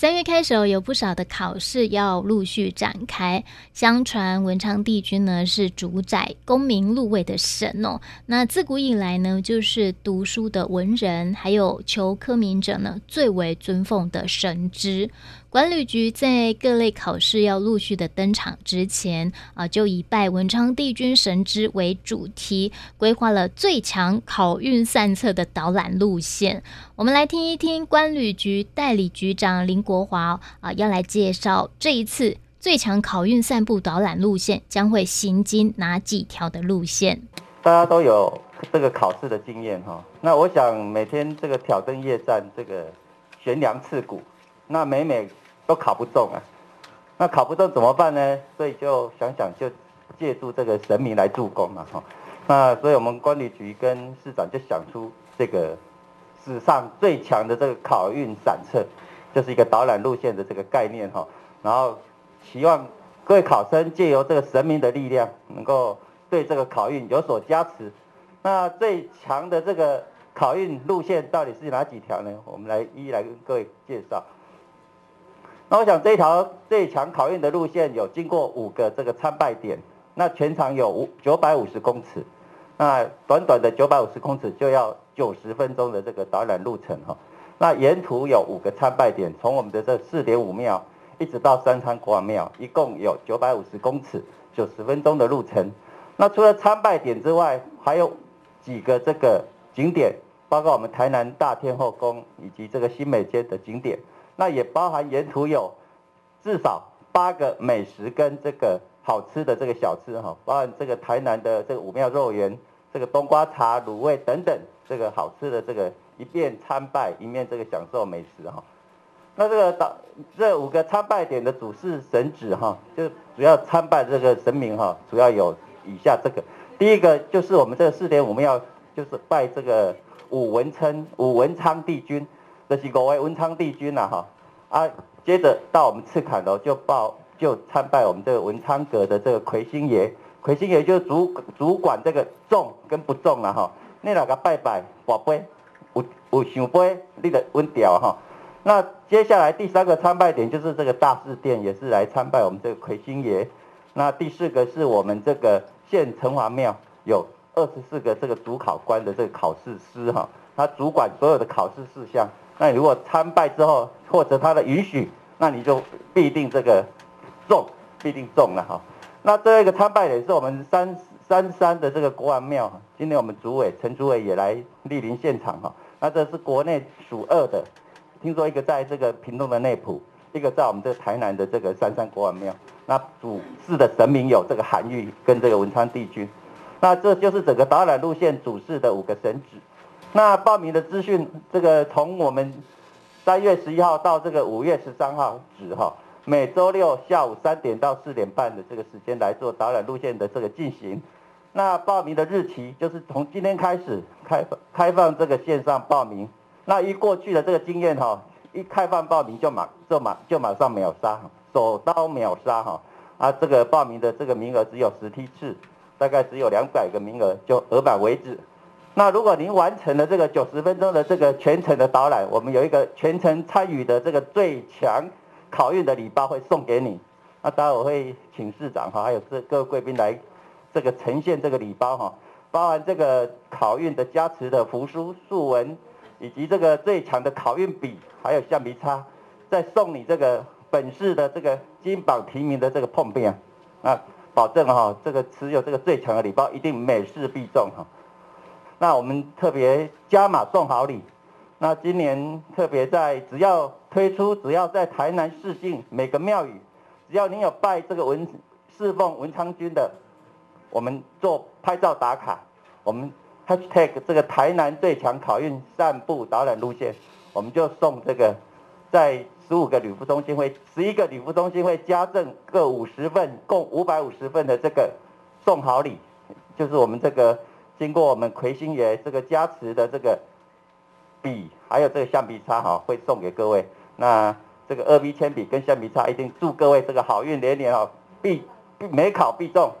三月開始，有不少的考試要陸續展開。相傳文昌帝君呢，是主宰功名祿位的神哦。那自古以來呢，就是讀書的文人，還有求科名者呢，最為尊奉的神祇。觀旅局在各類考試要陸續的登場之前啊、呃，就以拜文昌帝君神祇為主題，規劃了最強考運散策的導覽路線。我們來聽一聽觀旅局代理局長林國華啊、呃，要來介紹這一次最強考運散步導覽路線將會行經哪幾條的路線。大家都有這個考試的經驗哈，那我想每天這個挑燈夜戰，這個懸梁刺股，那每每。都考不中啊，那考不中怎麼辦呢？所以就想想就借助這個神明來助攻嘛哈。那所以我們觀旅局跟市長就想出這個史上最強的這個考運散策，就是一個導覽路線的這個概念哈。然後希望各位考生借由這個神明的力量，能夠對這個考運有所加持。那最強的這個考運路線到底是哪幾條呢？我們來一一來跟各位介紹。那我想這一條最強考運的路線有經過五個這個參拜點，那全長有五九百五十公尺，那短短的九百五十公尺就要九十分鐘的這個導覽路程哈。那沿途有五個參拜點，從我們的這祀典武廟一直到三山國王廟，一共有九百五十公尺，九十分鐘的路程。那除了參拜點之外，還有幾個這個景點，包括我們台南大天後宮以及這個新美街的景點。那也包含沿途有至少八個美食跟這個好吃的這個小吃哈，包含這個台南的這個武廟肉圓、這個冬瓜茶、滷味等等，這個好吃的這個一面參拜一面這個享受美食哈。那這個到這五個參拜點的主祀神祇哈，就主要參拜這個神明哈，主要有以下這個，第一個就是我們這四點我們要就是拜這個武文稱、武文昌帝君，這、就是五位文昌帝君吶、啊、哈。啊，接着到我們赤崁樓就報就參拜我們這個文昌閣的這個魁星爺，魁星爺就是主主管這個中跟不中了哈。那兩個拜拜，我杯，有有想杯，你得溫屌哈。那接下來第三個參拜點就是這個大士殿，也是來參拜我們這個魁星爺。那第四個是我們這個縣城隍廟，有二十四個這個主考官的這個考試師哈，他主管所有的考試事項。那你如果參拜之後，獲得他的允許，那你就必定這個中，必定中了哈。那這一個參拜也是我們三三山的這個國王廟，今天我們主委陳主委也來蒞臨現場哈。那這是國內數二的，聽說一個在這個屏東的內埔，一個在我們這個台南的這個三山國王廟。那主祀的神明有這個韓愈跟這個文昌帝君。那這就是整個導覽路線主祀的五個神祇。那報名的資訊，這個從我們三月十一號到這個五月十三號止哈，每周六下午三點到四點半的這個時間來做導覽路線的這個進行。那報名的日期就是從今天開始開放開放這個線上報名。那一過去的這個經驗哈，一開放報名就馬就馬就馬上秒殺，手刀秒殺哈啊！這個報名的這個名額只有十梯次，大概只有兩百個名額，就額滿為止。那如果您完成了這個九十分鐘的這個全程的導覽，我們有一個全程參與的這個最強考運的禮包會送給你。那待會我會請市長哈，還有這各位貴賓來這個呈現這個禮包哈，包含這個考運的加持的符書、疏文，以及這個最強的考運筆，還有橡皮擦，再送你這個本市的這個金榜題名的這個碰壁啊。那保證哈，這個持有這個最強的禮包，一定每試必中哈。那我們特別加碼送好禮，那今年特別在只要推出只要在台南市境每個廟宇，只要你有拜這個文侍奉文昌君的，我們做拍照打卡，我們 #hashtag 這個台南最強考運散步導覽路線，我們就送這個，在十五個旅服中心會十一個旅服中心會加贈各五十份，共五百五十份的這個送好禮，就是我們這個。經過我們魁星爺這個加持的這個筆，還有這個橡皮擦、哦，哈，會送給各位。那這個二 B 鉛筆跟橡皮擦，一定祝各位這個好運連連哦，必每考必中。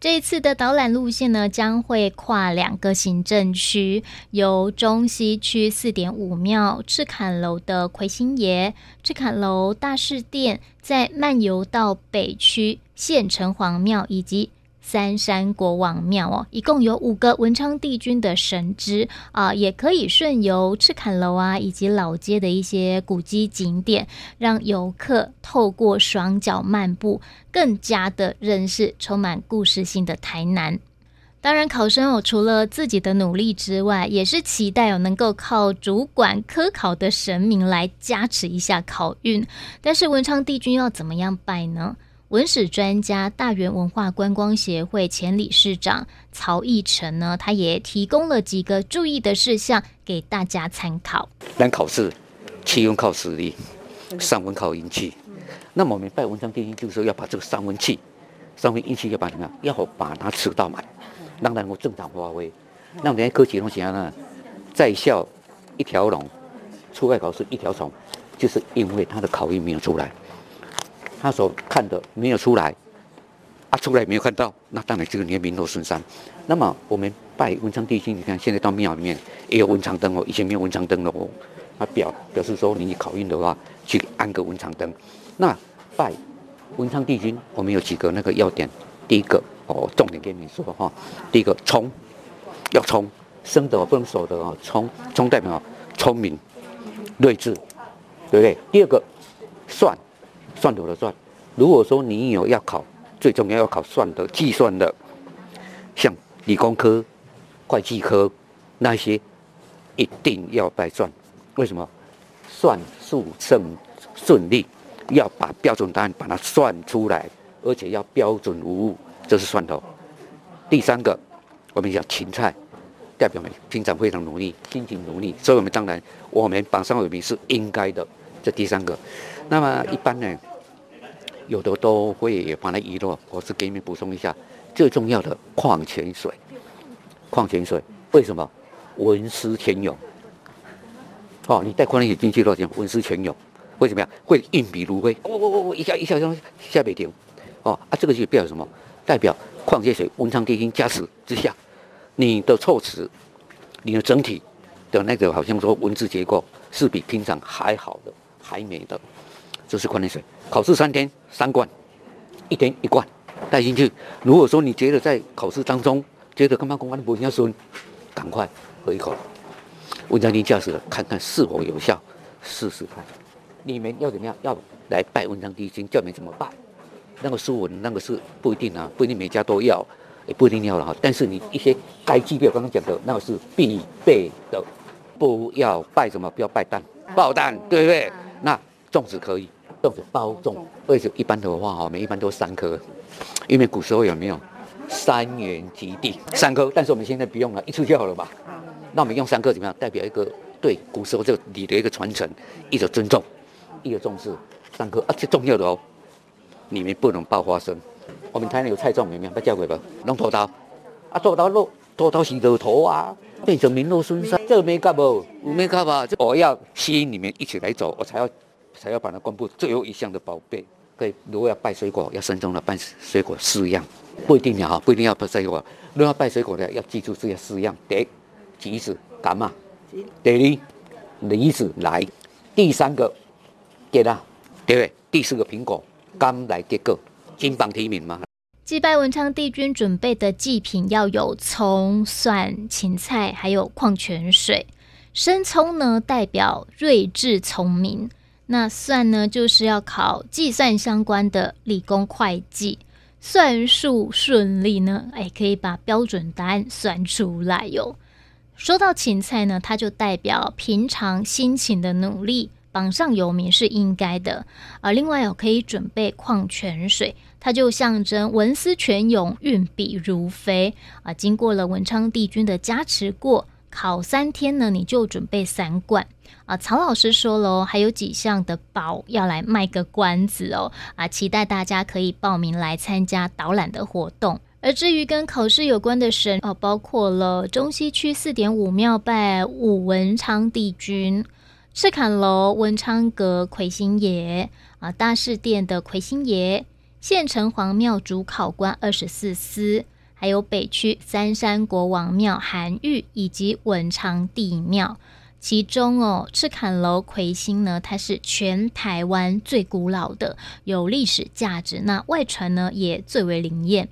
這一次的導覽路線呢，將會跨兩個行政區，由中西區四點五廟赤坎樓的魁星爺、赤坎樓大士殿，再漫遊到北區縣城隍廟以及。三山國王廟哦，一共有五個文昌帝君的神祇啊、呃，也可以順遊赤崁樓啊，以及老街的一些古蹟景點，讓遊客透過雙腳漫步，更加的認識充滿故事性的台南。當然，考生哦，除了自己的努力之外，也是期待哦能夠靠主管科考的神明來加持一下考運。但是文昌帝君要怎麼樣拜呢？文史專家、大園文化觀光協會前理事長曹義成呢，他也提供了幾個注意的事項給大家參考,考。那考試，七分靠實力，三分靠運氣。那麼我們拜，文章第一就是說要把這個三分氣、三分運氣要怎麼樣？要把它吃到滿，讓它能夠正常發揮。那我們看各級東西啊呢，在校一條龍，出外考試一條蟲，就是因為他的考運沒有出來。他所看的沒有出來，啊，出來沒有看到，那當然這個你也名落孫山。那麼我們拜文昌帝君，你看現在到廟裡面也有文昌燈哦，以前沒有文昌燈了哦。那表表示說，你考運的話，去安個文昌燈。那拜文昌帝君，我們有幾個那個要點。第一個，我、哦、重點跟你說哈，第一個聰，要聰，生的、哦、不能熟的哦，聰，聰代表聰明、睿智，對不對？第二個，算。蒜頭的蒜，如果說你有要考，最重要要考算的計算的，像理工科、會計科那些，一定要拜蒜。為什麼？算數順順利，要把標準答案把它算出來，而且要標準無誤，這是蒜頭。第三個，我們講芹菜，代表我們平常非常努力，辛勤努力，所以我們當然，我們榜上有名是應該的。這第三個，那麼一般呢，有的都會把它遺落。我是給你們補充一下最重要的礦泉水。礦泉水為什麼？文思泉湧。哦，你帶礦泉水進去落去，文思泉湧。為什麼呀？會運筆如飛。哦哦哦哦一下一下像下筆停。哦啊，這個就代表什麼？代表礦泉水文昌帝星加持之下，你的措辭，你的整體的那個好像說文字結構是比平常還好的。還沒的，這是礦泉水。考試三天三罐，一天一罐帶進去。如果說你覺得在考試當中覺得剛剛公安的不要說，趕快喝一口。文昌帝君駕駛看看是否有效，試試看。你們要怎麼樣要來拜文昌帝君？教你們怎麼拜。那個書文，那個是不一定啊，不一定每家都要，也不一定要了哈。但是你一些該祭的剛剛講的，那個是必備的。不要拜什麼？不要拜蛋，爆蛋，對不對？那粽子可以，粽子包粽，而且一般的話，我們一般都三顆，因為古時候有沒有三元及第，三顆。但是我們現在不用了，一次就好了嘛。那我們用三顆怎麼樣？代表一個對古時候這個禮的一個傳承，一種尊重，一個重視。三顆、啊、而且重要的哦，你們不能爆花生。我們台南有菜粽，有沒有？不叫過不？龍頭刀，啊，做不到肉。拖到心頭啊，變成名落孫山，這沒干無，有沒干嘛？這我要吸引你們一起來走，我才要，才要把它公布。最後一項的寶貝，給如果要拜水果，要慎重了，拜水果四樣，不一定的哈，不一定要拜水果，拜水果如果要拜水果的，要記住這四樣：第一，橘子，甘嘛；第二，梨子，梨；第三個，桔啦；對不對？第四個蘋果，剛來給個，金榜題名嗎？祭拜文昌帝君準備的祭品要有蔥、蒜、芹菜，還有礦泉水。生蔥呢代表睿智聰明，那蒜呢就是要考計算相關的理工會計，算術順利呢，哎，可以把標準答案算出來喲。說到芹菜呢，它就代表平常辛勤的努力，榜上有名是應該的。而另外哦，可以準備礦泉水。它就象徵文思泉湧，運筆如飛啊！經過了文昌帝君的加持過，過考三天呢，你就準備三冠啊！曹老師說了、哦，還有幾項的寶要來賣個關子哦啊！期待大家可以報名來參加導覽的活動。而至於跟考試有關的神哦、啊，包括了中西區四點五廟拜五文昌帝君、赤崁樓文昌閣魁星爺啊、大士殿的魁星爺。縣城隍廟主考官二十四司，還有北區三山國王廟、韓愈以及文昌帝廟，其中哦赤坎樓魁星呢，它是全台灣最古老的，有歷史價值。那外傳呢也最為靈驗。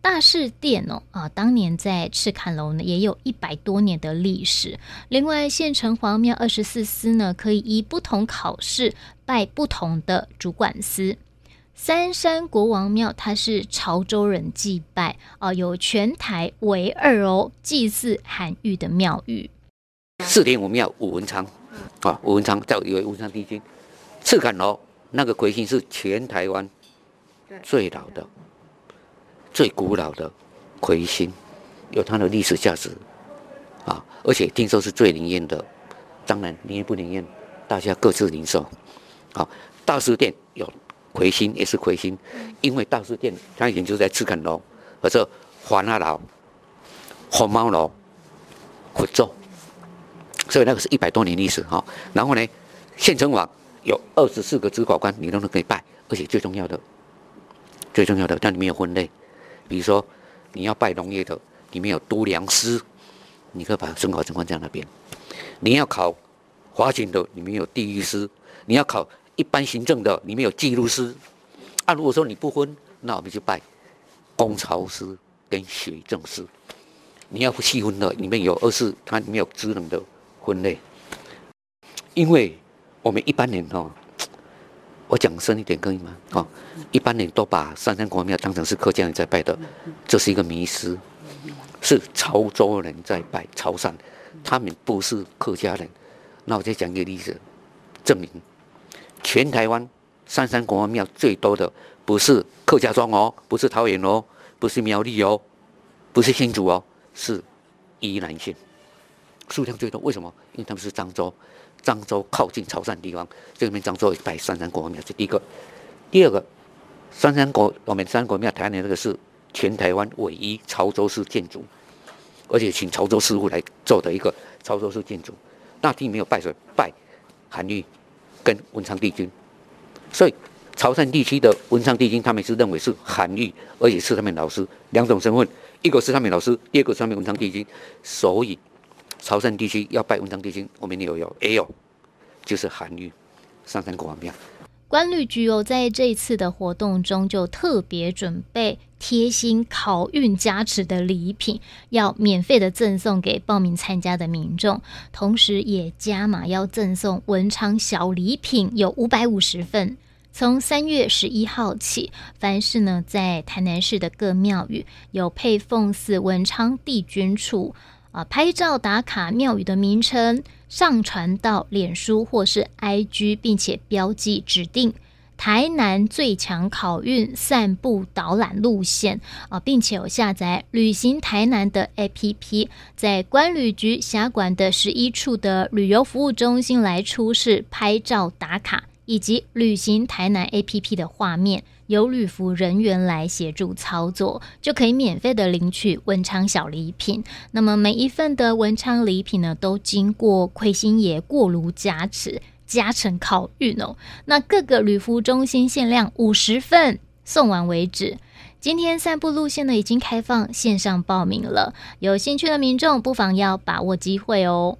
大士殿哦啊，當年在赤坎樓呢也有一百多年的歷史。另外，縣城隍廟二十四司呢，可以依不同考試拜不同的主管司。三山國王廟，它是潮州人祭拜哦、呃，有全台唯二哦祭祀韓愈的廟宇。祀典武廟，五文昌，啊、哦，五文昌叫一位文昌帝君。赤崁樓那個魁星是全台灣最老的、最古老的魁星，有它的歷史價值啊、哦，而且聽說是最靈驗的。當然靈驗不靈驗，大家各自領受。好、哦，大士殿有。魁星也是魁星，因為道士殿它已經就是在赤崁樓，而且華納樓、紅毛樓、古洲，所以那個是一百多年歷史哈。然後呢，縣城往有二十四個知考官，你都能可以拜，而且最重要的、最重要的，那裡面有分類，比如說你要拜農業的，裡面有督糧司，你可以把准考證在那邊；你要考法警的，裡面有地獄司，你要考。一般行政的裡面有記錄師，啊，如果說你不分，那我們就拜公朝師跟學政師。你要細分的裡面有二，二四它裡面有職能的分類。因為我們一般人哈，我講深一點可以嗎？啊，一般人都把三山國王廟當成是客家人在拜的，這是一個迷思，是潮州人在拜潮汕，他們不是客家人。那我再講一個例子，證明。全台灣三山國王廟最多的不是客家莊哦，不是桃園哦，不是苗栗哦，不是新竹哦，是宜蘭縣，數量最多。為什麼？因為他們是漳州，漳州靠近潮汕地方，這邊漳州拜三山國王廟是第一個，第二個三山國，我們三山國王廟台南的那個是全台灣唯一潮州式建築，而且請潮州師傅來做的一個潮州式建築，那地沒有拜水拜韓愈，跟文昌帝君，所以潮汕地區的文昌帝君，他們是認為是韓愈，而且是他們老師，兩種身份，一個是他們老師，第二個是他們文昌帝君。所以潮汕地區要拜文昌帝君，我們也有也有，就是韓愈，三山國王廟。觀旅局有、哦、在這次的活動中，就特別準備貼心、考運加持的禮品，要免費的贈送給報名參加的民眾，同時也加碼要贈送文昌小禮品，有五百五十份。從三月十一號起，凡是呢在台南市的各廟宇有配奉祀文昌帝君處。啊！拍照打卡廟宇的名稱，上傳到臉書或是 IG，並且標記指定台南最強考運散步導覽路線啊，並且有下載旅行台南的 APP，在觀旅局轄管的十一處的旅遊服務中心來出示拍照打卡，以及旅行台南 APP 的畫面，由旅服人員來協助操作，就可以免費的領取文昌小禮品。那麼每一份的文昌禮品呢，都經過魁星爺過爐加持、加成考運哦。那各個旅服中心限量五十份，送完為止。今天散步路線呢已經開放線上報名了，有興趣的民眾不妨要把握機會哦。